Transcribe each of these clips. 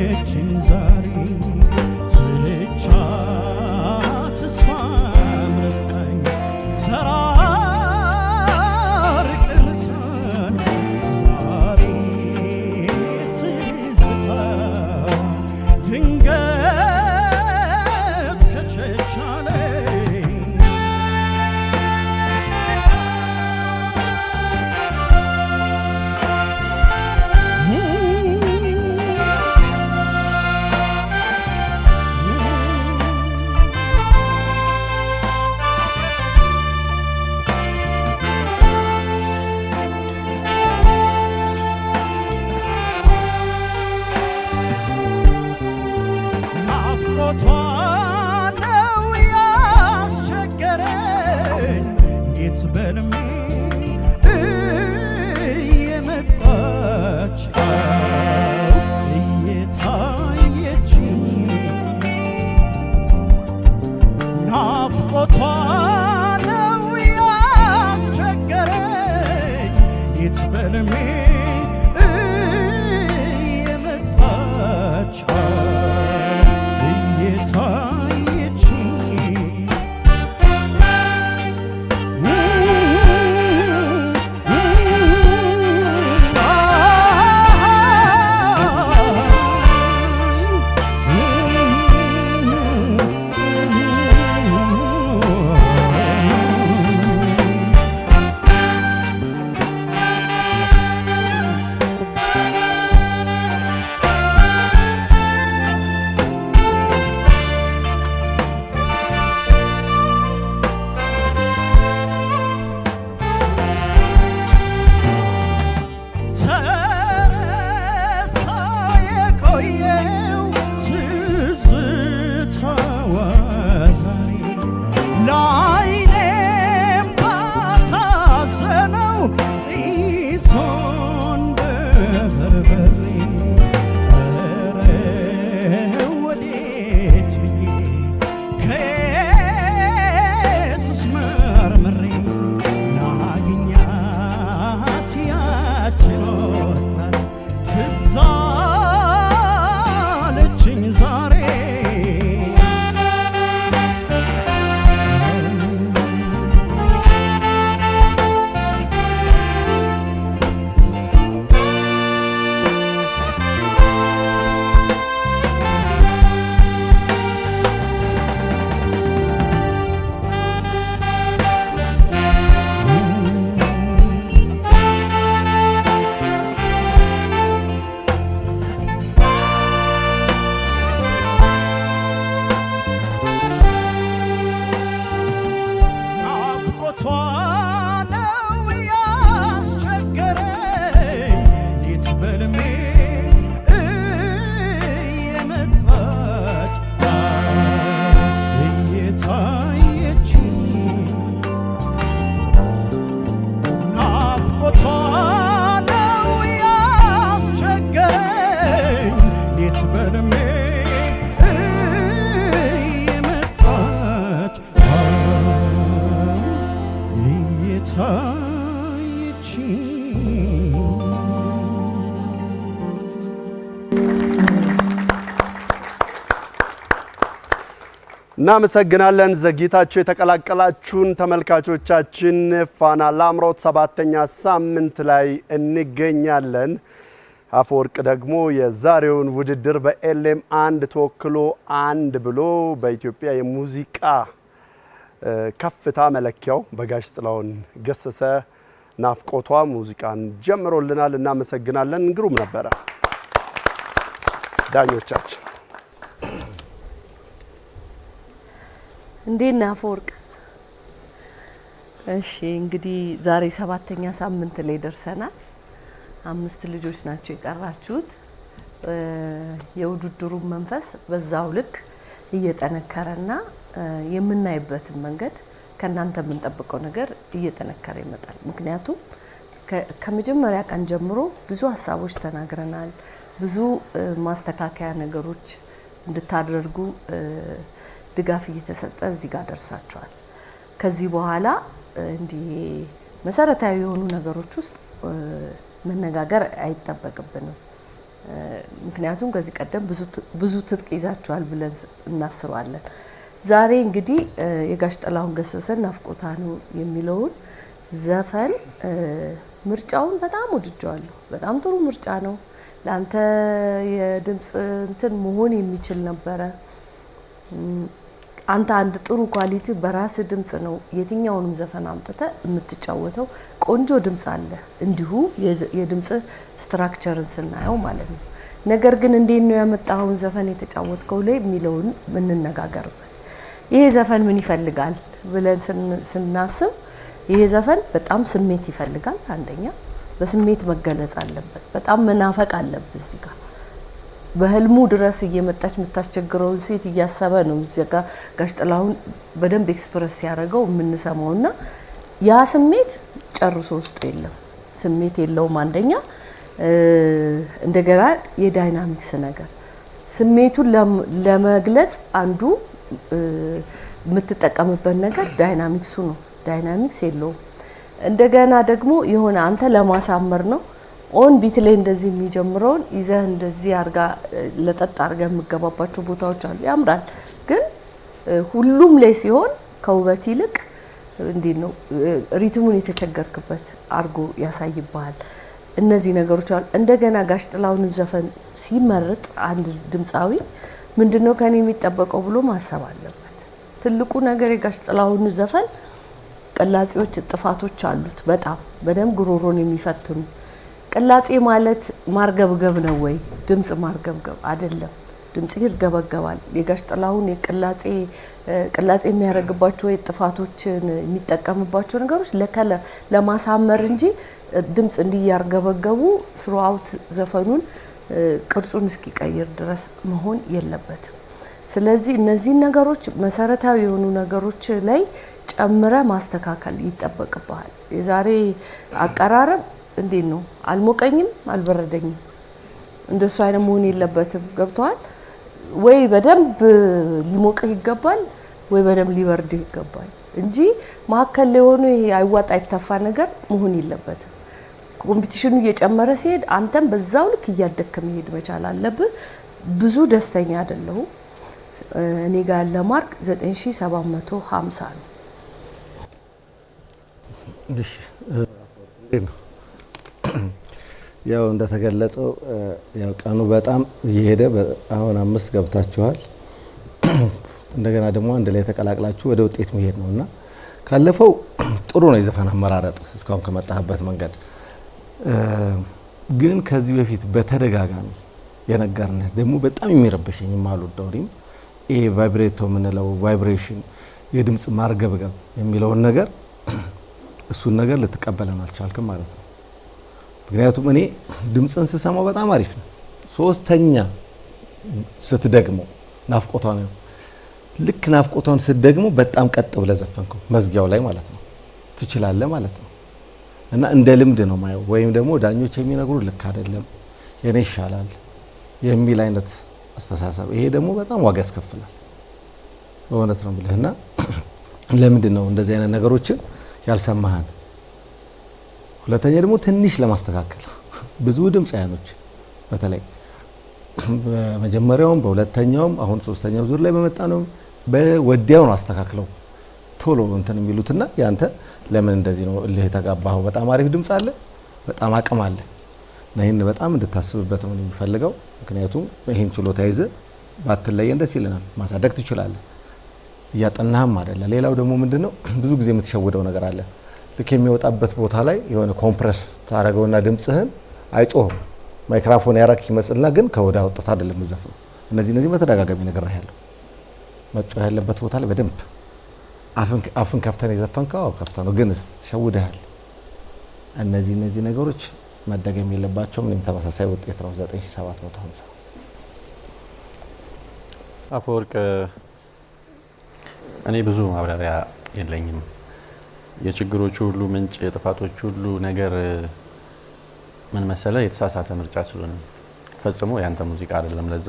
ያየችን ዛሬ ሞቷ ነው ያስቸገረኝ ጌት በልሜ የመጣች እየታየች ናፍቆቷ ነው ያስቸገረኝ ጌት በልሜ እናመሰግናለን። ዘግይታችሁ የተቀላቀላችሁን ተመልካቾቻችን ፋና ላምሮት ሰባተኛ ሳምንት ላይ እንገኛለን። አፈወርቅ ደግሞ የዛሬውን ውድድር በኤልኤም አንድ ተወክሎ አንድ ብሎ በኢትዮጵያ የሙዚቃ ከፍታ መለኪያው በጋሽ ጥላሁን ገሰሰ ናፍቆቷ ሙዚቃን ጀምሮልናል። እናመሰግናለን። ግሩም ነበረ ዳኞቻችን እንዴት ነህ አፈወርቅ? እሺ እንግዲህ ዛሬ ሰባተኛ ሳምንት ላይ ደርሰናል። አምስት ልጆች ናቸው የቀራችሁት። የውድድሩን መንፈስ በዛው ልክ እየጠነከረና የምናይበትን መንገድ ከእናንተ የምንጠብቀው ነገር እየጠነከረ ይመጣል። ምክንያቱም ከመጀመሪያ ቀን ጀምሮ ብዙ ሀሳቦች ተናግረናል። ብዙ ማስተካከያ ነገሮች እንድታደርጉ ድጋፍ እየተሰጠ እዚህ ጋር ደርሳቸዋል። ከዚህ በኋላ እንዲህ መሰረታዊ የሆኑ ነገሮች ውስጥ መነጋገር አይጠበቅብንም። ምክንያቱም ከዚህ ቀደም ብዙ ትጥቅ ይዛቸዋል ብለን እናስባለን። ዛሬ እንግዲህ የጋሽ ጥላሁን ገሰሰን ናፍቆታ ነው የሚለውን ዘፈን ምርጫውን በጣም ወድጀዋለሁ። በጣም ጥሩ ምርጫ ነው። ለአንተ የድምፅ እንትን መሆን የሚችል ነበረ። አንተ አንድ ጥሩ ኳሊቲ በራስ ድምፅ ነው የትኛውንም ዘፈን አምጥተ የምትጫወተው። ቆንጆ ድምፅ አለ እንዲሁ የድምፅ ስትራክቸርን ስናየው ማለት ነው። ነገር ግን እንዴት ነው ያመጣኸውን ዘፈን የተጫወትከው ላይ የሚለውን ምንነጋገርበት ይሄ ዘፈን ምን ይፈልጋል ብለን ስናስብ ይሄ ዘፈን በጣም ስሜት ይፈልጋል። አንደኛ በስሜት መገለጽ አለበት። በጣም መናፈቅ አለብህ እዚህ ጋር በህልሙ ድረስ እየመጣች የምታስቸግረውን ሴት እያሰበ ነው እዚያ ጋ ጋሽ ጥላሁን በደንብ ኤክስፕረስ ሲያደርገው የምንሰማው እና ያ ስሜት ጨርሶ ውስጡ የለም። ስሜት የለውም። አንደኛ እንደገና የዳይናሚክስ ነገር ስሜቱን ለመግለጽ አንዱ የምትጠቀምበት ነገር ዳይናሚክሱ ነው። ዳይናሚክስ የለውም። እንደገና ደግሞ የሆነ አንተ ለማሳመር ነው ኦን ቢት ላይ እንደዚህ የሚጀምረውን ይዘህ እንደዚህ አርጋ ለጠጥ አርጋ የምገባባቸው ቦታዎች አሉ። ያምራል። ግን ሁሉም ላይ ሲሆን ከውበት ይልቅ እንዴት ነው ሪትሙን የተቸገርክበት አርጎ ያሳይብሃል። እነዚህ ነገሮች አሉ። እንደገና ጋሽ ጥላሁንን ዘፈን ሲመርጥ አንድ ድምፃዊ ምንድነው ከኔ የሚጠበቀው ብሎ ማሰብ አለበት። ትልቁ ነገር የጋሽ ጥላሁን ዘፈን ቅላጼዎች፣ ጥፋቶች አሉት። በጣም በደንብ ጉሮሮን የሚፈትኑ ቅላጼ ማለት ማርገብገብ ነው ወይ? ድምጽ ማርገብገብ አይደለም። ድምጽ ይርገበገባል። የጋሽ ጥላሁን የቅላጼ ቅላጼ የሚያደርግባቸው ጥፋቶችን የሚጠቀምባቸው ነገሮች ለከለር ለማሳመር እንጂ ድምጽ እንዲያርገበገቡ ስሩአውት ዘፈኑን ቅርጹን እስኪቀይር ድረስ መሆን የለበትም። ስለዚህ እነዚህን ነገሮች መሰረታዊ የሆኑ ነገሮች ላይ ጨምረ ማስተካከል ይጠበቅብሃል። የዛሬ አቀራረብ እንዴት ነው አልሞቀኝም፣ አልበረደኝም። እንደሱ አይነት መሆን የለበትም። ገብተዋል ወይ በደንብ ሊሞቅህ ይገባል ወይ በደንብ ሊበርድህ ይገባል እንጂ መሀከል ላይ ሆኖ ይሄ አይዋጥ አይተፋ ነገር መሆን የለበትም። ኮምፒቲሽኑ እየጨመረ ሲሄድ አንተም በዛው ልክ እያደግከ መሄድ መቻል አለብህ። ብዙ ደስተኛ አይደለሁም። እኔ ጋር ያለ ማርክ 9750 ነው። ያው እንደተገለጸው ያው ቀኑ በጣም እየሄደ አሁን አምስት ገብታችኋል። እንደገና ደግሞ አንድ ላይ ተቀላቅላችሁ ወደ ውጤት መሄድ ነው እና ካለፈው ጥሩ ነው የዘፈን አመራረጥ እስካሁን ከመጣህበት መንገድ ግን ከዚህ በፊት በተደጋጋሚ የነገርንህ ደግሞ በጣም የሚረብሽኝ ማሉ ደውሪም ይሄ ቫይብሬቶ የምንለው ቫይብሬሽን የድምፅ ማርገብገብ የሚለውን ነገር እሱን ነገር ልትቀበለን አልቻልክም ማለት ነው። ምክንያቱም እኔ ድምፅን ስሰማው በጣም አሪፍ ነው። ሶስተኛ ስትደግመው ናፍቆቷ ነው ልክ ናፍቆቷን ስትደግሞ በጣም ቀጥ ብለህ ዘፈንከው መዝጊያው ላይ ማለት ነው ትችላለህ ማለት ነው። እና እንደ ልምድ ነው ማየው ወይም ደግሞ ዳኞች የሚነግሩ ልክ አይደለም የኔ ይሻላል የሚል አይነት አስተሳሰብ። ይሄ ደግሞ በጣም ዋጋ ያስከፍላል። በእውነት ነው ብለህና ለምንድን ነው እንደዚህ አይነት ነገሮችን ያልሰማህን? ሁለተኛ ደግሞ ትንሽ ለማስተካከል ብዙ ድምፃያኖች በተለይ በመጀመሪያውም በሁለተኛውም አሁን ሶስተኛው ዙር ላይ በመጣ ነው በወዲያው ነው አስተካክለው ቶሎ እንትን የሚሉትና ያንተ ለምን እንደዚህ ነው እልህ የተጋባኸው? በጣም አሪፍ ድምፅ አለ፣ በጣም አቅም አለ ይህን በጣም እንድታስብበት ነው የሚፈልገው። ምክንያቱም ይህን ችሎታ ይዘ ባትለየን ደስ ይለናል። ማሳደግ ትችላለህ፣ እያጠናህም አደለ። ሌላው ደግሞ ምንድን ነው ብዙ ጊዜ የምትሸውደው ነገር አለ ልክ የሚወጣበት ቦታ ላይ የሆነ ኮምፕረስ ታደረገውና ድምፅህን አይጮህም። ማይክራፎን ያራክ ይመስልና ግን ከወዳ ወጣት አይደለም ነው። እነዚህ እነዚህ በተደጋጋሚ ነገር ያለው መጮህ ያለበት ቦታ ላይ በደንብ አፍን ከፍተን የዘፈንከው ከፍተ ነው፣ ግን ተሸውደሃል። እነዚህ እነዚህ ነገሮች መደገም የለባቸው። ምንም ተመሳሳይ ውጤት ነው 9750 አፈወርቅ። እኔ ብዙ ማብራሪያ የለኝም። የችግሮች ሁሉ ምንጭ የጥፋቶች ሁሉ ነገር ምን መሰለ የተሳሳተ ምርጫ ስለሆነ ፈጽሞ ያንተ ሙዚቃ አይደለም። ለዛ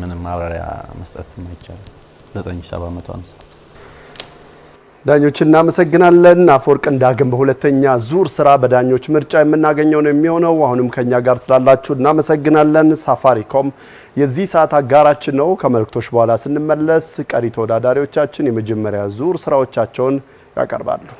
ምንም ማብራሪያ መስጠት አይቻልም። 9750 ዳኞች እናመሰግናለን። አፈወርቅን ዳግም በሁለተኛ ዙር ስራ በዳኞች ምርጫ የምናገኘው ነው የሚሆነው። አሁንም ከኛ ጋር ስላላችሁ እናመሰግናለን። ሳፋሪኮም የዚህ ሰዓት አጋራችን ነው። ከመልእክቶች በኋላ ስንመለስ ቀሪ ተወዳዳሪዎቻችን የመጀመሪያ ዙር ስራዎቻቸውን ያቀርባሉ።